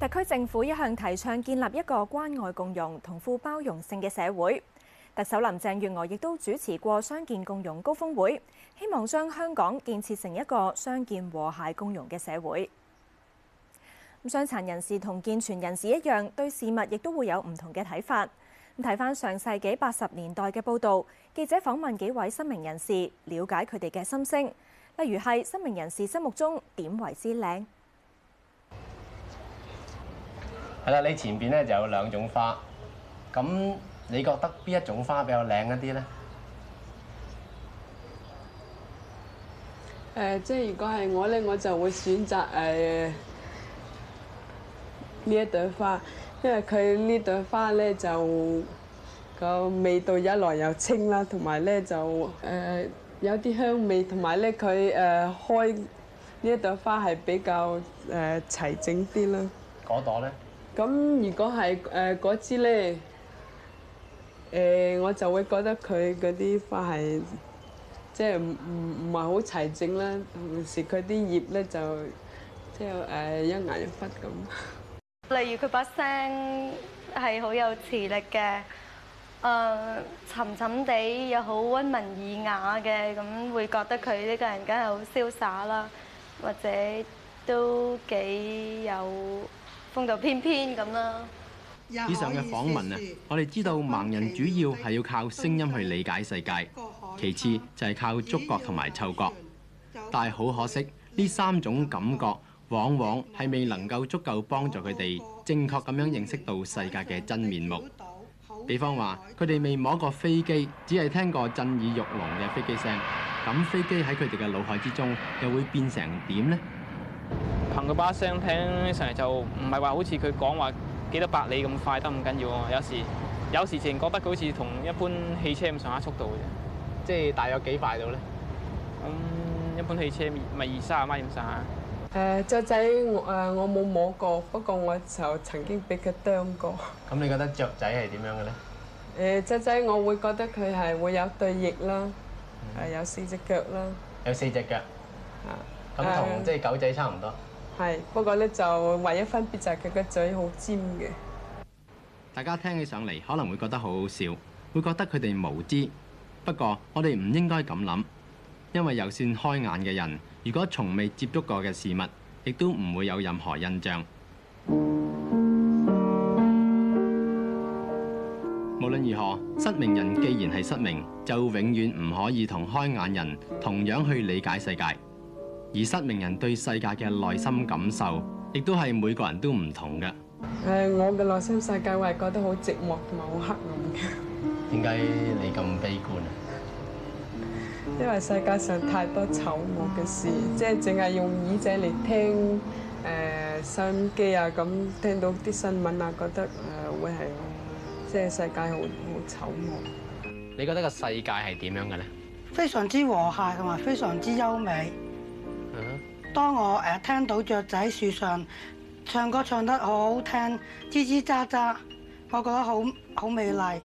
特區政府一向提倡建立一個關愛共融、同富包容性嘅社會。特首林鄭月娥亦都主持過傷健共融高峰會，希望將香港建設成一個傷健和諧共融嘅社會。咁傷殘人士同健全人士一樣，對事物亦都會有唔同嘅睇法。咁睇返上世紀八十年代嘅報道，記者訪問幾位失明人士，了解佢哋嘅心聲。例如係失明人士心目中點為之靚？你前邊咧就有兩種花，咁你覺得邊一種花比較靚一啲咧？誒、呃，即係如果係我咧，我就會選擇誒呢、呃、一朵花，因為佢呢朵花咧就個味道一來又清啦，同埋咧就誒、呃、有啲香味，同埋咧佢誒開呢、呃、一,一朵花係比較誒齊整啲啦。嗰朵咧？咁如果係誒嗰支咧，誒、呃、我就會覺得佢嗰啲花係即係唔唔唔係好齊整啦，同時佢啲葉咧就即係誒、呃、一顏一忽咁。例如佢把聲係好有磁力嘅，誒、呃、沉沉地又好溫文爾雅嘅，咁會覺得佢呢個人梗係好瀟灑啦，或者都幾有，風度翩翩咁啦。憑佢把聲聽上嚟就唔係話好似佢講話幾多百里咁快得咁緊要喎，有時有時淨覺得佢好似同一般汽車咁上下速度嘅啫，即係大約幾快到咧？咁、嗯、一般汽車咪二卅米咁上下？誒雀、呃、仔，我我冇摸過，不過我就曾經俾佢啄過。咁你覺得雀仔係點樣嘅咧？誒雀、呃、仔，我會覺得佢係會有對翼啦，誒有四隻腳啦。有四隻腳。嚇！咁同即係狗仔差唔多。係，不過咧就唯一分別就係佢個嘴好尖嘅。大家聽起上嚟可能會覺得好好笑，會覺得佢哋無知。不過我哋唔應該咁諗，因為就算開眼嘅人，如果從未接觸過嘅事物，亦都唔會有任何印象。 無論如何，失明人既然係失明，就永遠唔可以同開眼人同樣去理解世界。而失明人對世界嘅內心感受，亦都係每個人都唔同嘅。誒，我嘅內心世界，我係覺得好寂寞同埋好黑暗嘅。點解你咁悲觀啊？因為世界上太多醜惡嘅事，即係淨係用耳仔嚟聽誒收音機啊，咁聽到啲新聞啊，覺得誒會係即係世界好好醜惡。你覺得個世界係點樣嘅咧？非常之和諧，同埋非常之優美。當我誒聽到雀仔樹上唱歌唱得好好聽，吱吱喳喳，我覺得好好美麗。